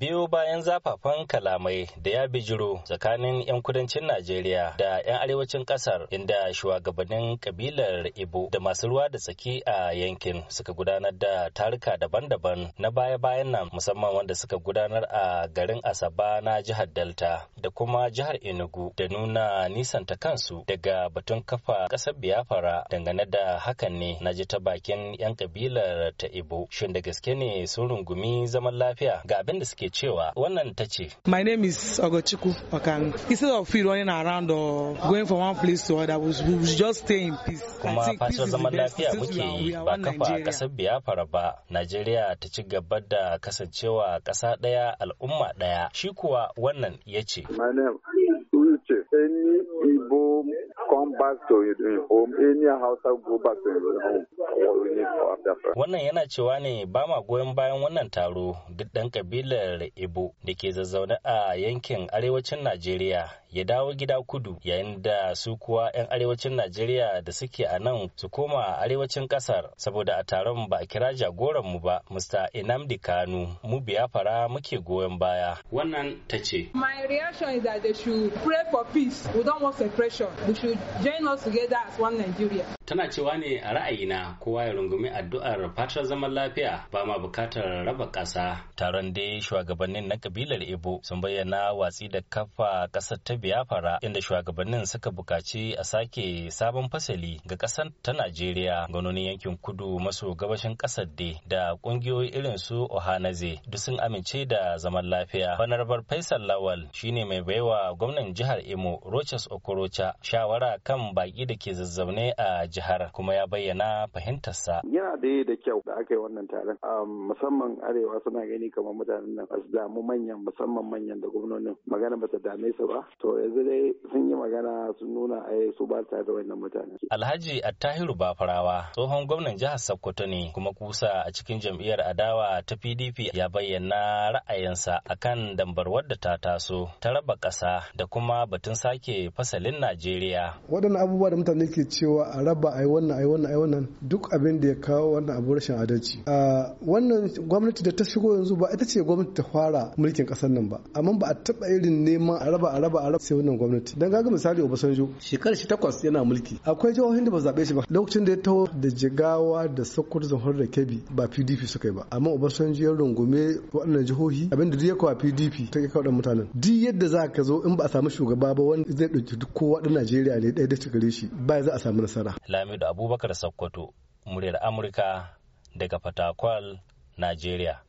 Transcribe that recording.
biyo bayan zafafan kalamai da ya bijiro tsakanin 'yan kudancin Najeriya da 'yan arewacin kasar inda shugabannin kabilar Ibo da masu ruwa da tsaki a yankin suka gudanar da taruka daban-daban na baya-bayan nan musamman wanda suka gudanar a garin Asaba na jihar Delta da kuma jihar Enugu da nuna nisanta kansu daga batun kafa ƙasar Biafra dangane da hakan ne na ji ta bakin 'yan kabilar ta Ibo shin da gaske ne sun rungumi zaman lafiya ga abin da suke cewa wannan ta ce. My name is Ogochiku Okan. Instead of fear running around or going from one place to other, we should just stay in peace. Kuma fatar zaman lafiya muke yi ba kafa a kasar Biafra ba. Najeriya ta ci gaba da kasancewa ƙasa ɗaya al'umma ɗaya. Shi kuwa wannan ya ce. My name is Uche Ibo Come back to your eh, home. Any Hausa go back to your home. Wannan yana cewa ne ba ma goyon bayan wannan taro duk ɗan kabilar Ibo da ke zazzaune a yankin arewacin Najeriya ya dawo gida kudu yayin da su kuwa 'yan arewacin najeriya da suke a nan su koma arewacin kasar saboda a taron ba a kira jagoranmu ba mr inamdi kanu mu fara muke goyon baya wannan ta ce my reaction is that they should pray for peace we don't want separation we should join us together as one nigeria tana cewa ne a ra'ayina kowa ya rungumi addu'ar fatar zaman lafiya ba ma bukatar raba ƙasa. Taron dai shugabannin na kabilar Ibo sun bayyana watsi da kafa ƙasar ta biyafara, inda shugabannin suka bukaci a sake sabon fasali ga ƙasar ta Najeriya ganonin yankin kudu maso gabashin ƙasar dai da ƙungiyoyi irin su Ohanaze duk sun amince da zaman lafiya. banarbar Faisal Lawal shine mai baiwa gwamnan jihar Imo Rochas Okorocha shawara kan baƙi da ke zazzaune a jihar jihar kuma ya bayyana fahimtarsa. Yana da da kyau da aka yi wannan taron um, musamman arewa suna gani kamar mutanen nan su damu manyan musamman manyan da gwamnonin magana ba dame su ba to yanzu dai sun yi magana sun nuna a su ba ta da wannan mutane. Alhaji Attahiru Bafarawa tsohon gwamnan jihar Sokoto ne kuma kusa a cikin jam'iyyar adawa ta PDP ya bayyana ra'ayinsa akan dambarwar da ta taso ta raba ƙasa da kuma batun sake fasalin Najeriya. Waɗannan abubuwa da mutane ke cewa a raba a ai wannan ai wannan ai wannan duk abin da ya kawo wannan abu rashin adalci a wannan gwamnati da ta shigo yanzu ba ita ce gwamnati ta fara mulkin kasar nan ba amma ba a taba irin neman a raba a raba a raba sai wannan gwamnati dan ga misali Obasanjo Shekara shi takwas yana mulki akwai jihohin da ba zabe shi ba lokacin da ya taho da Jigawa da Sokoto Zahor da Kebbi ba PDP suka yi ba amma Obasanjo ya rungume waɗannan jihohi abin da ya kawo PDP ta kawo mutanen duk yadda za ka zo in ba a samu shugaba ba wanda zai dauki duk kowa da Najeriya ne ɗaya da shi ba za a samu nasara Lamido Abubakar Sokoto, muryar Amurka daga Fatakwal, Najeriya.